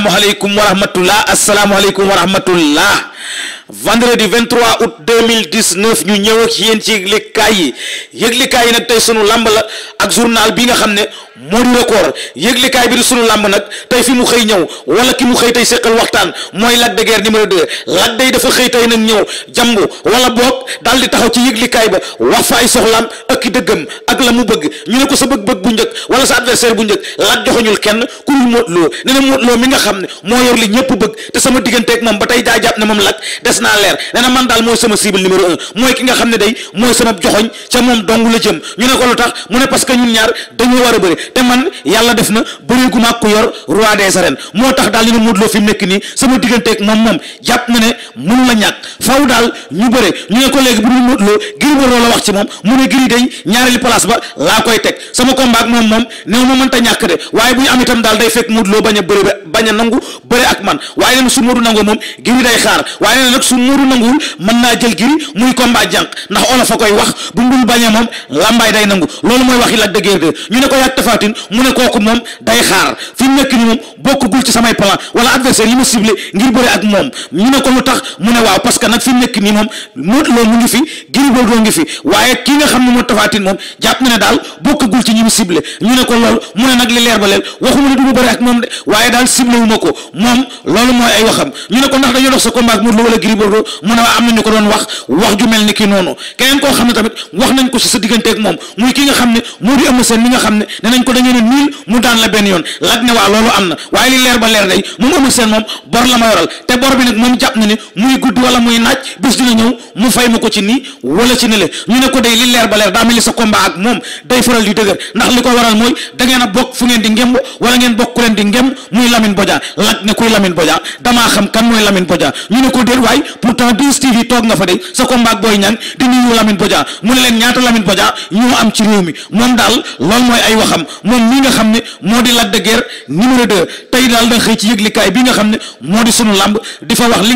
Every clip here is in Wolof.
assalaamu aleykum wa rahmatullah assalaamu aleykum wa rahmatullah vendredi 23 août 2019 ñu ñëw ak yéen ci yëglikaay yi yëglikaay yi nag tey sunu làmb la ak journal bi nga xam ne moo di record yëglikaay bi di sunu làmb nag tey fi mu xëy ñëw wala ki mu xëy tey seqal waxtaan mooy Lac de Guiers numéro 2 day dafa xëy tey nag ñëw jàmbu wala boog daal di taxaw ci yëglikaay ba wax fa ay soxlaam ak ki dëggam ak la mu bëgg ñu ne ko sa bëgg-bëgg bu njëkk wala sa adversaire bu njëkk Lac joxoñul kenn ku dul Modou na Modou mi nga xam ne moo yor li ñëpp bëgg te sama digganteeg moom ba tey daa jàpp ne moom Lac des naa leer nee na man daal mooy sama cible numéro un mooy ki nga xam ne day mooy sama joxoñ ca moom dong la jëm ñu ne ko lu tax mu ne parce ñun ñaar dañoo war a bëri te man yàlla def na bëreeguma ak ku yor roi des arènes moo tax daal ñu ne Modou Lo fi mu nekk nii sama digganteeg moom moom jàpp na ne mun la ñàkk faw daal ñu bëre ñu ne Lo la wax ci moom mu ne Gris day ñaareelu laa teg sama combat ak moom moom néew ma mënta ñàkk de waaye bu ñu am itam daal day fekk Modou Lo bañ a bëre bañ a nangu su Modou nangoo moom Gris day xaar su muuru nanguwul mën naa jël giri muy combat jànq ndax olof a koy wax bu mbul bañee moom lambaay day nangu loolu mooy wax Lac de Guiers 2 ñu ne ko yàgg tafaatin mu ne ci samay plan wala adversaire yi ma ciblé ngir bëre ak moom ñu ne ko lu tax mu ne waaw parce nag fi mu nekk nii moom Modou Lo mu ngi fi Gris Bordeaux ngi fi waaye ki nga xam ne moo moom jàpp na ne daal bokkugul ci ñi mu ciblé ñu ne ko loolu mu ne nag li leer ba leer waxuma ne du ma bëre ak moom de waaye daal ko moom loolu mooy ay waxam ñu ne ko ndax dañoo dox sa combat ak Modou Bordeaux mu ne am na ñu ko doon wax wax ju mel ni ki noonu keneen koo xam ne tamit wax nañ ko si sa digganteeg moom muy ki nga xam ne moo di Eumeu Sène mi nga xam ne ne nañ da ngeen a niil mu daan la benn yoon laaj am na waaye leer ba leer day moom Eumeu Sène moom bor la ma yoral te bor bi nag moom jàpp na ne muy gudd wala muy naaj bis dina ñëw mu fay ma ko ci nii wala ci nele ñu ne ko day li leer ba leer daa mel sa combat ak moom day faral di dëgër ndax li ko waral mooy da ngeen a bokk fu ngeen di ngem wala ngeen bokk ku leen di ngem muy Lamine Bodian laaj ne kuy Lamine Bodian xam kan mooy Lamine Bodian ñu ne ko déet waay pourtant 12 TV toog nga fa de sa combat ak Boy Niang di nuyu Lamine Bodian mu ne leen ñaata Lamine Bodian ñoo am ci réew mi moom daal loolu mooy ay waxam moom moo di Lac de da li nga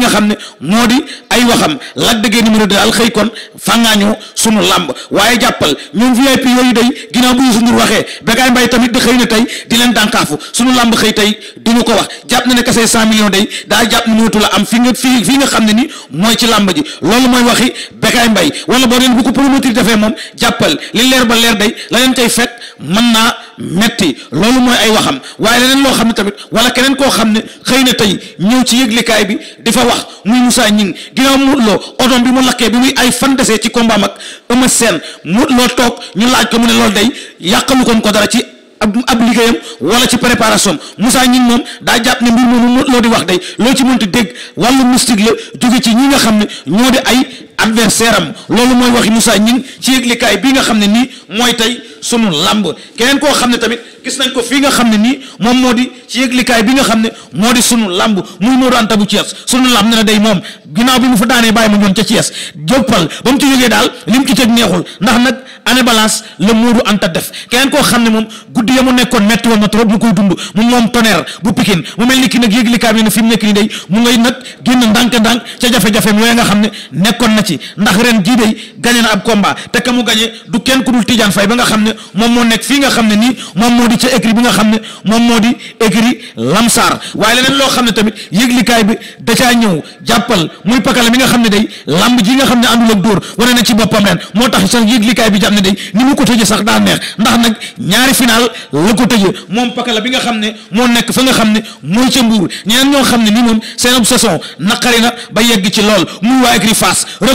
xam ne moo di ay waxam Lac de Guiers numéro 2 daal xëy kon fàngaañoo sunu làmb waaye jàppal ñoom VIP yooyu day ginnaaw bu Youssou Ndour waxee da xëy na tey di leen dànkaafu sunu làmb xëy tey duñu ko wax jàpp na ne kase 100 millions day daa jàpp ne mënatu la am fi fi fi nga xam ne ni ni mooy ci làmb ji loolu mooy waxi Bécaye Mbaye wala boo deen bu ko promoteur defee moom jàppal li leer ba leer day la leen cay fekk mën naa metti loolu mooy ay waxam waaye leneen loo xam ne tamit wala keneen koo xam ne xëy na tey ñëw ci yëglikaay bi di fa wax muy Moussa Gningue ginnaaw Modou Lo odoom bi mu lakkee bi muy ay fan desee ci combat mag Eumeu Sène Modou Lo toog ñu laaj ko mu ne loolu day yàqalu koon ko dara ci ab ab liggéeyam wala ci préparation Moussa ñun moom daa jàpp ne mbir moomu loo di wax day loo ci mënti dégg wàllu mystique la jóge ci ñi nga xam ne moo di ay adversaire am loolu mooy waxi Moussa Gningue ci yëglikaay bi nga xam ne nii mooy tey sunu làmb keneen koo xam ne tamit gis nañ ko fii nga xam ne nii moom moo di ci yëglikaay bi nga xam ne moo di sunu làmb muy Modou Anta bu Thiès sunu làmb ne na day moom ginnaaw bi mu fa daanee bàyyi ma ñoon ca Thiès jóppal ba mu ci jógee daal li mu ci teg neexul ndax nag année la Modou Anta def keneen koo xam ne moom guddi ya mu nekkoon metti woon na trop mu koy dund mu moom tonnerre bu Pikine mel ni ki nag yëglikaay bi ne fi mu nekk nii day mu ngay nag génn ndànk-ndànk ca jafe-jafeem yooyu nga xam ne nekkoon na ci ci ndax ren jii day gagné na ab combat te ka mu gagné du kenn ku dul Tidiane Faye ba nga xam ne moom moo nekk fii nga xam ne nii moom bi nga xam ne da caa ñëw nga xam ne day lamb ji nga na ci boppam ren moo tax sax yëglikaay bi jàpp ne day ni mu ko tëjee sax daa neex ndax nag bi nga xam ne moo nekk fa nga xam ne mooy ca mbuur ñeneen xam ne ni moom seen saison naqari na ba yegg ci lool muy waa écrit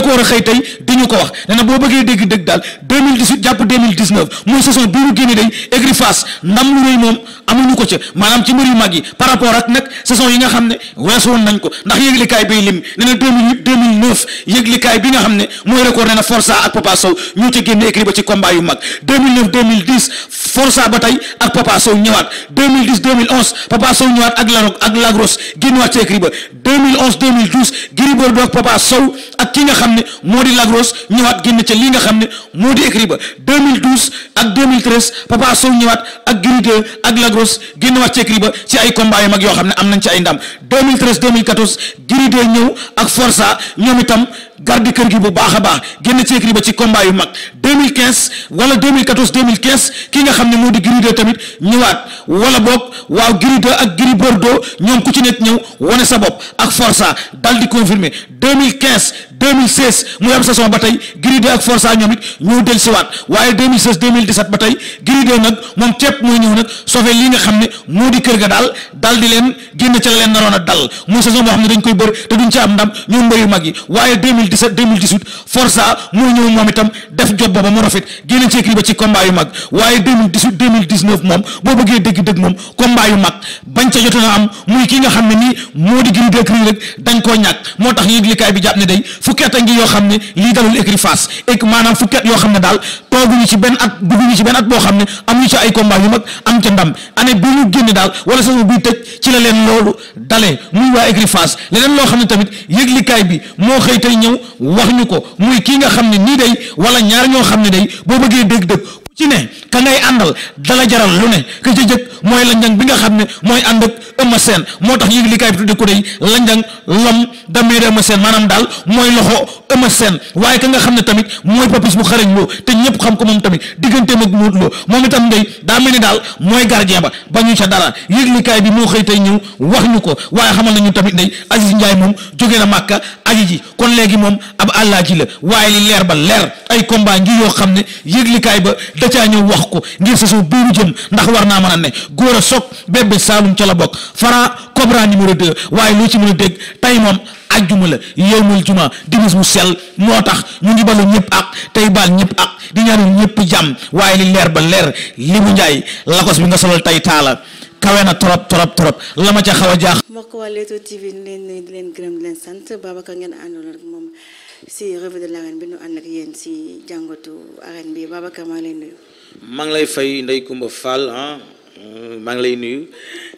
ñoo ko war a xëy tey di ñu ko wax nee na boo bëggee dégg dëgg daal 2018 jàpp 2019 muy saison bi mu génne day écurie ndam lu rëy moom amuñu ko ca maanaam ci mbir yu mag yi par rapport ak nag saison yi nga xam ne weesu woon nañ ko ndax yëglikaay bay lim ne na 2008 2009 yëglikaay bi nga xam ne mooy record ne na Forza ak Papa Sow ñoo ca génne écrit ba ci combat yu mag 2009 2010 Forza ba tey ak Papa Sow ñëwaat 2010 2011 Papa Sow ñëwaat ak Laroc ak Lagros génnewaat ci écrit ba 2011 2012 Gris Bordeaux ak Papa Sow ak ki nga xam ne moo di Lagros ñëwaat génn ca li nga xam ne moo di écrit ba 2012 ak 2013 Papa Sow ñëwaat ak Gris 2 ak Lagros 2014 génn waat ci écrit ba ci ay combat mag yoo xam ne am nañ ci ay ndam 2013 2014 Gris 2 ñëw ak Forza ñoom garde kër gi bu baax baax génn ci ba ci combat yu mag 2015 wala ne moo di Gris 2 ak Gris ñoom ku ci nekk ñëw wane sa bopp ak Forza dal di confirmer 2015 2016 muy am saison ba tey Gris 2 ak Forza ñoom it ñoo del siwaat waaye 2016 2017 ba tey Gris nag moom ceeb mooy ñëw nag sofe li nga xam ne moo di kër ga daal dal di leen génn ca la leen naroon a dal muy saison boo xam ne dañ koy bër te duñ ci am ndam ñoom mbër mag yi waaye 2017 2018 Forza moo ñëw moom itam def jot booba mu rafet génne ci écrit ba ci combat yu mag waaye 2018 2019 moom boo bëggee dëgg-dëgg moom combat yu mag bañ ca jotoon a am muy ki nga xam ne nii moo di gën di écrit dañ koo ñàkk moo tax yëglikaay bi jàpp ne day fukkeet a ngi yoo xam ne lii dalul écrit face ek maanaam fukkeet yoo xam ne daal tooguñu ci benn at dugguñu ci benn at boo xam ne amuñu ci ay combat yu mag am ca ndam année bi ñu génn daal wala saison buy tëj ci la leen loolu dalee muy waa écrit face leneen loo xam ne tamit yëglikaay bi moo xëy tey ñëw wax ñu ko muy kii nga xam ne nii day wala ñaar ñoo xam ne day boo bëggee dëgg dëkk ku ci ne ka ngay àndal dala jaral lu ne ka ca jëkk mooy lanjang bi nga xam ne mooy ànd ak Eumeu Sène moo tax yëg li kaay bi tudde ko dey lanjang lom damee de Eumeu Sène maanaam daal mooy loxo Eumeu Sène waaye ka nga xam ne tamit mooy papis bu xarañ te ñëpp xam ko moom tamit diggante mag muut loo moom itam ndey daa mel ni daal mooy gardien ba ba ñu ca dara yëg li bi moo xëy tey ñëw wax ñu ko waaye xamal nañu tamit ndey Aziz Ndiaye moom jóge na Màkka aji ji kon léegi moom ab àllaaji la waaye li leer ba leer ay combat ngi yoo xam ne yëg ba da caa ñëw wax ko ngir sa suuf buuru jëm ndax war naa mën a ne góor a soog bébé saalum ca la bokk fara cobra numéro 2 waaye loo ci mun a dégg tey moom ajjuma la yowmul juma dimis mu sell moo tax ñu ngi balu ñëpp ak tey baal ñëpp ak di ñaanal ñëpp jàmm waaye li leer ba leer li mu njaay lakos bi nga solal tey taala kawe na trop trop trop la ma ca xaw a jaax mbokk waa Leewtoo TV ñu leen si revue de l'arène bi nu ànd ak yéen si jàngatu arène bi Babacar maa ngi lay nuyu. maa lay fay ndey kumba Fall ah euh, maa ngi lay nuyu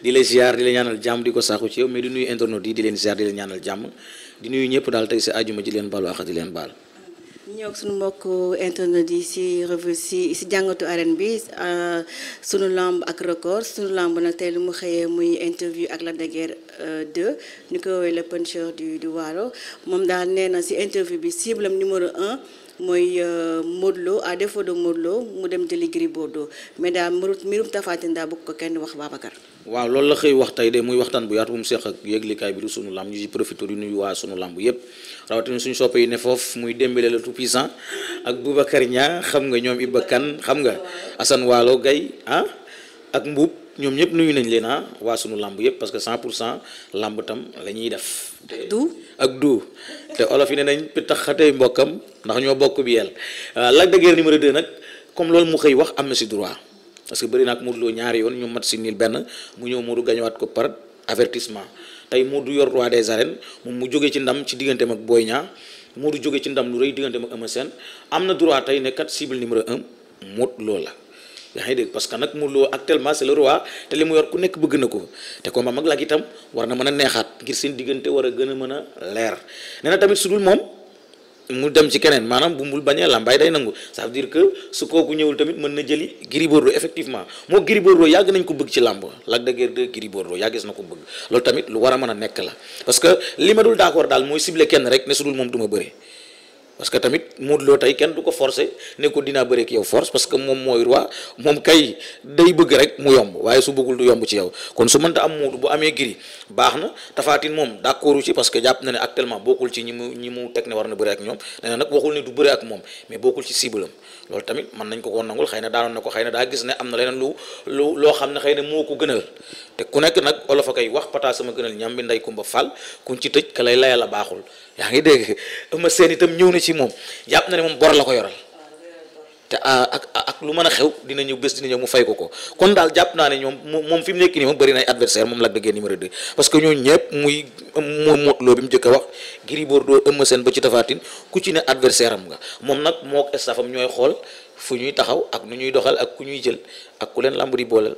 di la ziar di la ñaanal jàmm di ko saaxu ci yow mais di nuyu internautes yi di leen ziar di la ñaanal jàmm di nuyu ñëpp daal tey si ajuma ji leen baalu àq di leen baal. ñëw suñu mbokk internet yi si revue si si jàngatu arène bi euh, suñu lamb ak record suñu lamb nag tey lu mu xëyee muy interview ak Lac de Guiers ñu euh, ko woowee le puncheur du du Waalo moom daal nee na si interview bi cible am numéro 1 mooy euh, Modou Lo à défaut de Modou Lo mu dem jëli Gris Bordeaux mais daal mbirum mbirum Tapha Tine daa bëgg ko kenn wax Babacar waaw loolu la xëy wax tey de muy waxtaan bu yaatu bu mu seex ak yëglikaay bi du suñu lamb ñu ci profité di nuyu waa sunu lamb yëpp rawatina suñu soppe yi ne foofu muy Dembélé le tout puissant ak Boubacar Nia xam nga ñoom Iba Kane xam nga Assane Waalo gay ah ak Mbuub ñoom ñëpp ñu nañ leen ah waa sunu lamb yëpp parce que 100 pour cent lamb tam la ñuy def. du ak du te olof yi ne nañ tax tey mbokkam ndax ñoo bokk bi yàlla euh, Lac de Guiers numéro 2 nag comme loolu mu xëy wax am na si droit. parce que bëri na ak Modou Lo ñaari yoon ñu mat si niil benn mu ñëw Modou gañuwaat ko par avertissement tey Modou yor roi des arènes moom mu jóge ci ndam ci diggante ak Boy Niang Modou jógee ci ndam lu rëy digganteem ak Eumeu Sène am na droit tey ne kat cible numéro un Modou Lo la yaa ngi parce que nag Modou Lo actuellement c'est le roi te li mu yor ku nekk bëgg na ko te combat mag lak itam war na mën a neexaat ngir seen diggante war a gën a mën a leer nee na tamit sudul moom mu dem ci keneen maanaam bu mbul bañee làmbaay day nangu ça veut dire que su kooku ñëwul tamit mën na jëli Gris Bordeaux effectivement moo Gris Bordeaux yàgg nañ ko bëgg ci làmb Lac de Guiers 2 Gris Bordeaux yàggis na ko bëgg loolu tamit lu war a mën a nekk la parce que li ma dul d'accord daal mooy ciblé kenn rek ne su dul moom du ma bëre parce que tamit Modou Lo tey kenn du ko forcer ne ko dinaa bëreek yow force parce que moom mooy roi moom kay day bëgg rek mu yomb waaye su bëggul du yomb ci yow kon su mënta am Modou bu amee giri baax na tafaatin moom d'accordu ci parce que jàpp na ne actuellement bokkul ci ñi mu ñi mu teg ne war na bëre ak ñoom nee na nag waxul ne du bëre ak moom mais bokkul ci cible am loolu tamit mën nañ ko ko nangul xay na daanoon na ko xëy na daa gis ne am na leneen lu loo xam ne xëy na moo ko gënal te ku nekk nag olof a wax pataa sama gënal ñam bi nday kumba fal kuñ ci tëj ka lay layal a baaxul yaa ngi dégg Eumeu Sène itam ñëw na ci moom jàpp na ne moom bor la ko yoral te ah, ak ak lu mën a xew dina ñëw bés dina ñëw mu fay ko ko kon daal jàpp naa ne ñoom moom fi mu nekk nii moom bëri na ay adversaire moom Lac de Guiers numéro 2 parce que ñooñu ñëpp muy moom Modou Lo bi mu njëkk a wax Gris Bordeaux Eumeu Sène ba ci Tapha ku ci ne adversaire am nga moom nag moo ak staff am ñooy xool fu ñuy taxaw ak nu ñuy doxal ak ku ñuy jël ak ku leen lamb di booleel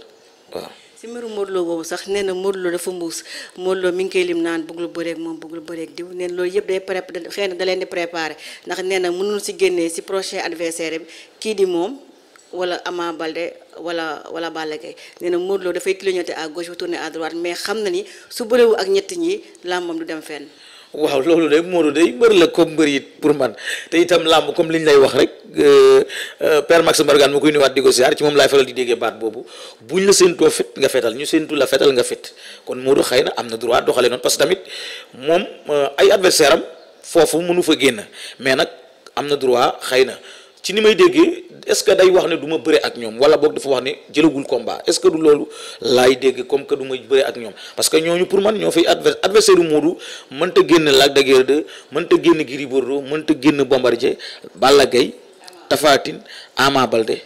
waaw si mbiru Modou boobu sax nee na Modou dafa mbuus Modou Lo mi ngi koy lim naan bëgg lu bëreeg moom bëgg lu bëreeg diw nee loolu yëpp day pré xëy na da di préparé ndax nee na mënul si génnee si prochain adversaire bi kii di moom wala Ama Balde wala wala Balla Gaye nee na Modou Lo dafay clignoter à gauche ba tourner à droite mais xam na ni su bëreewul ak ñett ñi làmbam du dem fenn. waaw loolu de Modou day mbër la comme mbër yi pour man te itam làmb comme liñ lay wax rek euh, euh, père Max Mbargane mu koy nuyuwaat di ko siyaar ci moom laay faral di déggee baat boobu buñ la séentoo fet nga fetal ñu séentu la fetal nga fet kon Modou xëy na am na droit doxale noonu parce que tamit moom euh, ay adversaire foofu mënu fa génn mais nag am na droit xëy na ci ni may déggee est-ce que day wax ne du ma bëre ak ñoom wala boog dafa wax ni jëlagul combat est-ce que du loolu laay dégg comme que du ma bëre ak ñoom parce que ñooñu pour man ñoo fay adver adversaire yu Modou mënta génn Lac de Guiers 2 mënta génn Gris Bordeaux mënta génn Bombardier Balla Gaye Tapha Tine Ama Baldé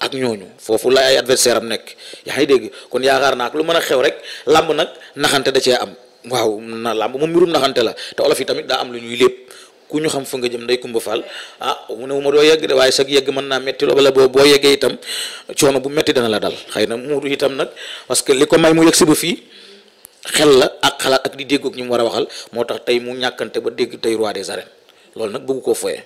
ak ñooñu foofu la ay adversaire am nekk yaa ngi dégg kon yaakaar naa ak lu mën a xew rek làmb nag naxante da cee am waaw na làmb moom mbirum naxante la te olof yi tamit daa am lu ñuy lépp ku ñu xam fa nga jëm nday Kumba Fall ah mu ne mu ma doo yegg de waaye sag yegg mën naa metti looba la boo boo yeggee itam coono bu metti dana la dal xëy na muudu itam nag parce li ko may mu yegg si ba fii xel la ak xalaat ak di déggoog ñi mu war a waxal moo tax tey mu ñàkkante ba dégg tey roi des arènes loolu nag bëgg koo foye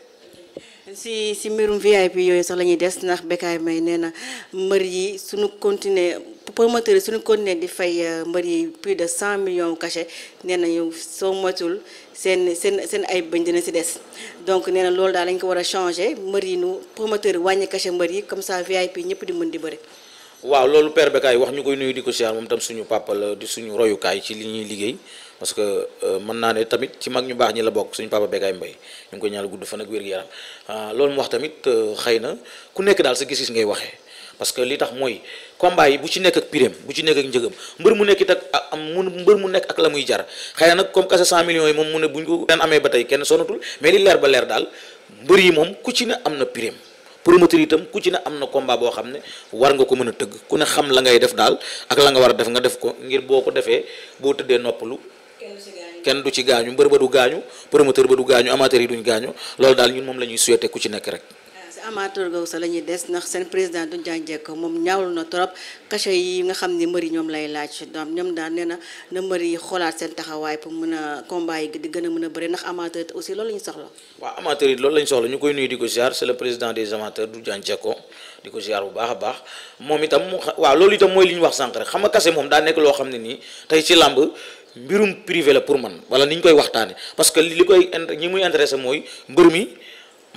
si si mbirum VIP yooyu sax la des ndax Bécaye Mbaye nee mbër yi suñu continuer promoteurs yi suñu continuer di fay euh, mbër yi plus de 100 millions cachet nee nañu soo moytul seen seen seen ay bañ dina si des donc nee loolu daal dañ ko war a changer mbër yi nu promoteurs yi wàññi cachet mbër yi comme ça VIP ñëpp di mën di bëri. waaw loolu père Bekaay wax ñu koy nuyu di ko siyaar moom tam suñu papa di suñu royukaay ci li ñuy liggéey parce que euh, mën naa ne tamit ci mag ñu baax ñi la bokk suñu papa Bekaay Mbaye ñu ngi koy ñaanal gudd fan ak wér ah, loolu wax tamit euh, xëy na ku nekk daal sa gis-gis ngay waxee. parce que li tax mooy combat yi bu ci nekk ak pireem bu ci nekk ak njëgam mbër mu nekk it ak am mu mbër mu nekk ak la muy jar xëy na nag comme kase 100 millions yi moom mu ne buñ ko daan amee ba tey kenn sonatul mais li leer ba leer daal mbër yi moom ku ci ne am na pireem promoteur itam ku ci ne am na combat boo xam ne war nga ko mën a tëgg ku ne xam la ngay def daal ak la nga war a def nga def ko ngir boo ko defee boo tëddee noppalu kenn du ci gaañu mbër ba du gaañu promoteur ba du gaañu amateur yi duñ gaañu loolu daal ñun moom la ñuy souhaité ku ci nekk rek si amateur googu sax la des ndax seen président du jànjekk moom ñaawlu na trop cachet yi nga xam ni mbër yi ñoom lay laaj donc ñoom daal nee na na mbër yi xoolaat seen taxawaay pour mën a combat yi di gën a mën a bëri ndax amateur aussi loolu la ñu soxla waaw amateur yi loolu la ñu soxla ñu koy nuyu di ko ziar c'est le président des amateurs du jànjekko di ko ziar bu baax a baax moom itam waaw loolu itam mooy li ñu wax sànq rek xam nga cachet moom daa nekk loo xam ne nii tey ci làmb mbirum privé pour man wala ni ñu koy waxtaane parce que li koy ñi muy intéressé mooy mbër mi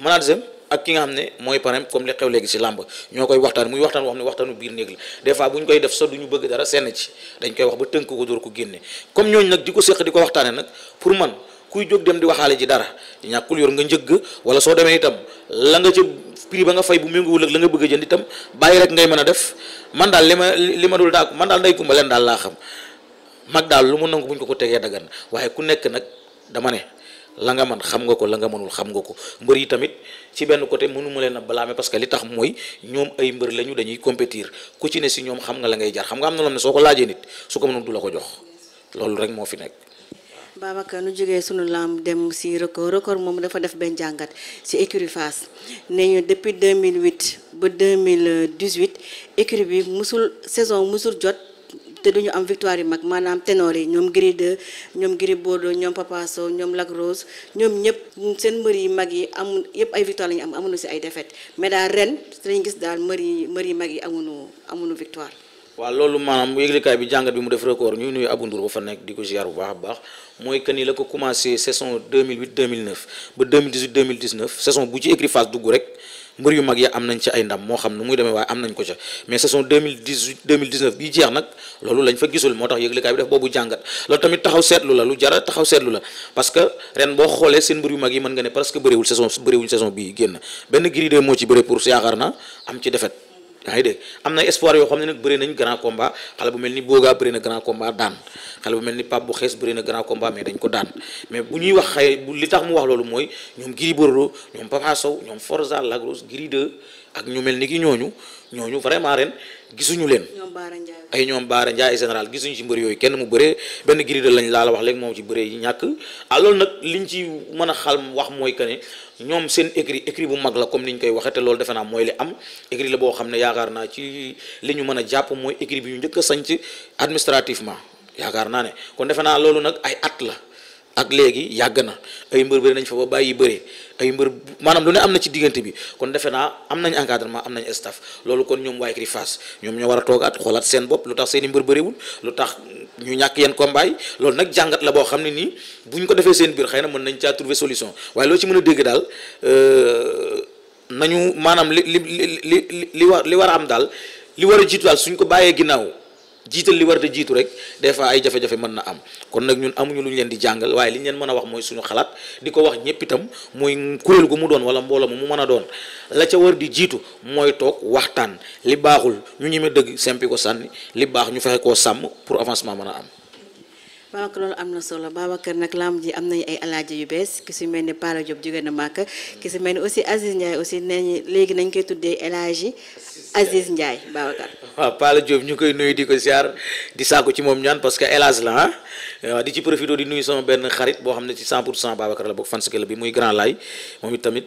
manaat ak ki nga xam ne mooy parrain comme li xew léegi si làmb ñoo koy waxtaan muy waxtaan woo ne waxtaanu biir néeg la des fois bu ñu koy def sax du ñu bëgg dara senn ci dañ koy wax ba tënk ko door ko génne comme ñooñu nag di ko séq di ko waxtaane nag pour man kuy jóg dem di waxaale ji dara ñàkkul yor nga njëgg wala soo demee itam la nga ca prix ba nga fay bu méngoowul ak la nga bëgg a jënd itam bàyyi rek ngay mën a def man daal li ma li ma dul daa man daal nday kumba leen daal laa mag daal lu mu nangu bu ñu ko tegee dagan waaye ku nekk nag dama ne langa man xam nga ko la nga mënul xam nga ko mbër yi tamit ci benn côté mënuma leen a blâmer parce que li tax mooy ñoom ay mbër lañu dañuy compétir ku ci ne si ñoom xam nga la ngay jar xam nga am na loo ne soo ko laajee nit su ko mënul du la ko jox loolu rek moo fi nekk. Babacar nu jógee suñu lamb dem si record record moom dafa def benn jàngat si écurie Fass nee ñu depuis 2008 ba mille 2018 écurie bi musul saison musul jot. te du ñu am victoire yu mag maanaam ténor yi ñoom Gris 2 ñoom Gris Bordeaux ñoom Papa Sow ñoom Lac Rose ñoom ñëpp seen mbër yi mag yi amul yëpp ay victoire la ñu am amuñu si ay defet mais daal ren dañu gis daal mbër yi mbër yi mag yi amuñu amuñu victoire. waaw loolu maanaam yëglekaay ba fa nekk di ko ziar bu baax a baax mooy que ni la ko commencé saison 2008 2009 ba 2018 2019 saison bu ci écrit face rek. mbër yu mag ya am nañ ci ay ndam moo xam nu muy demee waaye am nañ ko ca mais saison 2018 2019 bii jeex nag loolu lañ fa gisul moo tax yëglekaay bi def boobu jàngat loolu tamit taxaw seetlu la lu jara taxaw seetlu la parce que ren boo xoolee seen mbër yu mag yi mën nga ne que bëriwul saison bëriwuñ saison bii génn benn Gris 2 moo ci bëri pour yaakaar na am ci défaite yaa ngi dégg am na espoir yoo xam ne nag bëri nañ grand combat xale bu mel ni Boga bëri na grand combat daan xale bu mel ni Pape bu xees bëri na grand combat mais dañ ko daan mais bu ñuy wax xëy li tax mu wax loolu mooy ñoom Gris Bordeaux ñoom Papa Sow ñoom Forza Lagros Gris 2 ak ñu mel ni ki ñooñu ñooñu vraiment ren gisuñu leen ay ñoom Baara Ndiaye général gisuñu ci mbër yooyu kenn mu bëree benn girida lañ laal la wax léegi moom ci bëree yi ñàkk ah loolu nag liñ ci mën a xal wax mooy que ne ñoom seen écrit écrit bu mag la comme ni ñu koy waxee te loolu defe naa mooy li am écrit la boo xam ne yaakaar naa ci li ñu mën a jàpp mooy écrit bi ñu njëkk a sanc administrativement yaakaar naa ne kon defe naa loolu nag ay at la ak léegi yàgg na ay mbër bëri nañ fa ba bàyyi bëri ay mbër maanaam lu ne am na ci diggante bi kon defe naa am nañ encadrement am nañ staff loolu kon ñoom waaye kii Fass ñoom ñoo war a toogaat xoolaat seen bopp lu tax seeni i mbër bëriwul lu tax ñu ñàkk yenn combat yi loolu nag jàngat la boo xam ne nii bu ko defee seen biir xëy na mën nañ caa trouver solution loo ci mën a dégg daal euh, nañu maanaam li li li li li war a am daal li war a jiitu daal suñ ko bàyyee ginnaaw. jiital li war a jiitu rek des fois ay jafe-jafe mën na am kon nag ñun amuñu lu ñu leen di jàngal waaye li ñu leen mën a wax mooy suñu xalaat di ko wax ñëpp itam mooy kuréel gu mu doon wala mbooloo mu mën a doon la ca war di jiitu mooy toog waxtaan li baaxul ñu ñeme dëgg sempi ko sànni li baax ñu fexe koo sàmm pour avancement mën a am. Babacar loolu am na solo Babacar nag lamb ji am nañu ay alaaji yu bees ki si mel ni Paala Diop jóge na màkk ki si mel ni aussi Aziz Ndiaye aussi nee nañu léegi nañ koy tuddee alaaji Aziz Ndiaye Babacar. waaw Paala Diop ñu koy nuyu di ko ziar di saako ci moom ñaan parce que hélas la ah di ci profité di nuyu sama benn xarit boo xam ne ci 100 pour 100 Babacar la bokk fan si bi muy grand laay moom it tamit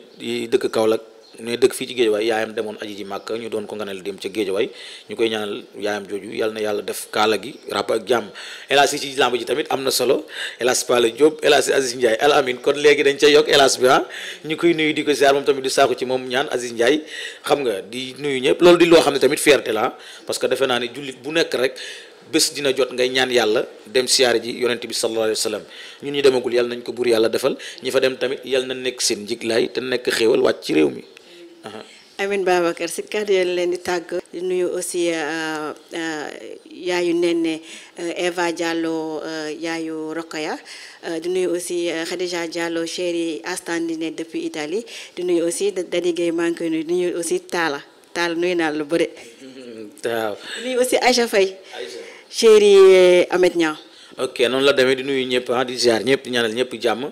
dëkk Kaolack. ñuy dëkk fii ci géejawaay yaayam demoon aji ji màkka ñu doon ko nganal dem ca géejawaay ñu koy ñaanal yaayam jooju yàlla na yàlla def kaala gi ràpp ak jàmm hélas yi ci làmb ji tamit am na solo hélas Pala Diop hélas Aziz Ndiaye al amin kon léegi dañ cay yokk hélas bi ah ñu koy nuyu di ko ziar moom tamit di saako ci moom ñaan Aziz Ndiaye xam nga di nuyu ñëpp loolu di loo xam ne tamit fierté la ah. parce que defe naa ne jullit bu nekk rek bés dina jot ngay ñaan yàlla dem siyaare ji yonent bi sallallahu alayhi wa ñun ñu demagul yàlla nañ ko buur yàlla defal ñi fa dem tamit yàlla na nekk seen njiglaay te nekk xéewal wàcc ci réew mi Uh-huh. Amin Babacar si kàddu yàlla leen di tàgg di nuyu aussi uh, uh, yaayu Nene uh, Eva Diallo yaayu Rokhaya di nuy aussi Khadija Diallo chéri Astandine depuis Italie di nuy aussi Dadi Gueye maa nuy koy nuyu aussi Talla Talla nuyu naa la lu bëri. waaw di nuyu aussi Aïcha Faye. Aïcha Amet Niang. ok noonu la demee di nuyu ñëpp ah di ziar ñëpp ñaanal ñëpp jàmm.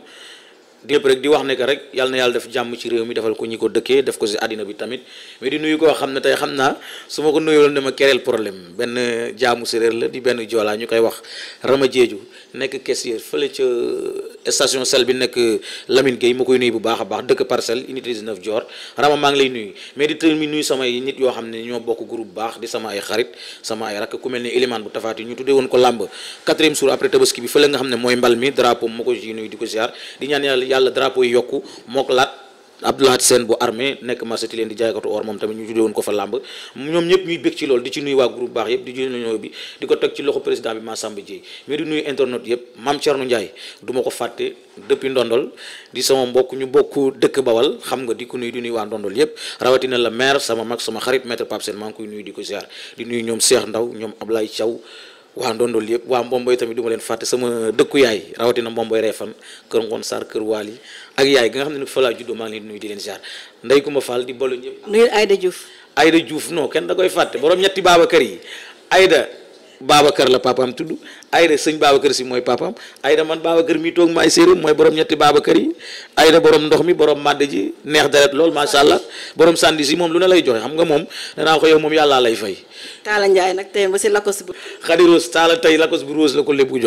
ñëpp rek di wax ne que rek yàlla na yàlla def jàmm ci réew mi defal ko ñi ko dëkkee def ko si àddina bi tamit muy di nuyu koo xam ne tey xam naa su ma ko nuyuloon dama kereel problème benn jaamu séréer la di benn joolaa ñu koy wax Rama Jeeju nekk caissier fële ca euh, station sel bi nekk euh, Lamine Gueye ma koy nuyu bu baax a baax dëkk parcelle unité 19 Dior rama maa ngi lay nuyu mais di tëmi nuyu samay nit yoo xam ne ñoo bokk groupe baax di sama ay xarit sama ay rakk ku mel ne Elimane bu tafaati ñu tuddee woon ko làmb quatrième jour après tabaski bi fële nga xam ne mooy mbal mi drapeau ma ko ci nuyu di ko ziar di ñaan yàlla drapeau yi mook laat Abdoulahat Sène bu armée nekk marché ti leen di jaaykatu or moom tamit ñu tuddee woon ko fa làmb ñoom ñëpp ñuy bég ci loolu di ci nuyu waa groupe baax yëpp di junañoo bi di ko teg ci loxo président bi Massamba Dieye mais di yëpp Mame Thierno Ndiaye ma ko fàtte depuis Ndondol di sama mbokk ñu bokk dëkk Bawal xam nga di ko nuy di nuyu waa Ndondol yëpp rawatina la maire sama mag sama xarit maître Pape Sène maa ngi koy nuyu di ko ziar di ñoom Cheikh Ndaw ñoom Ablaye Thiaw waa ndondol yëpp waa mbomboy tamit du ma leen fàtte sama dëkku yaay rawatina mbomboy reefan kër ngoon Sarr kër Waly ak yaay gi nga xam ne fa laa juddoo maa ngi leen nuyu di leen jaar ndey ku ma di bolo ñëpp. nuyu Ayda Diouf Ayda Diouf non kenn da koy fàtte borom ñetti baaba kër yi Ayda Babacar la papaam tudd Ayda sëñ Babacar si mooy papaam Ayda man Babacar mi toog maay séeréer mooy borom ñetti Babacar yi Ayda borom ndox mi borom màdd ji neex deret lool macha allah borom sànni si moom lu ne lay joxe xam nga moom danaa ko yow moom yàllaa lay fay. Taala Njaay nag tey ba si bu. Xadi Taala tey lakos bu Rose la ko lépp jox.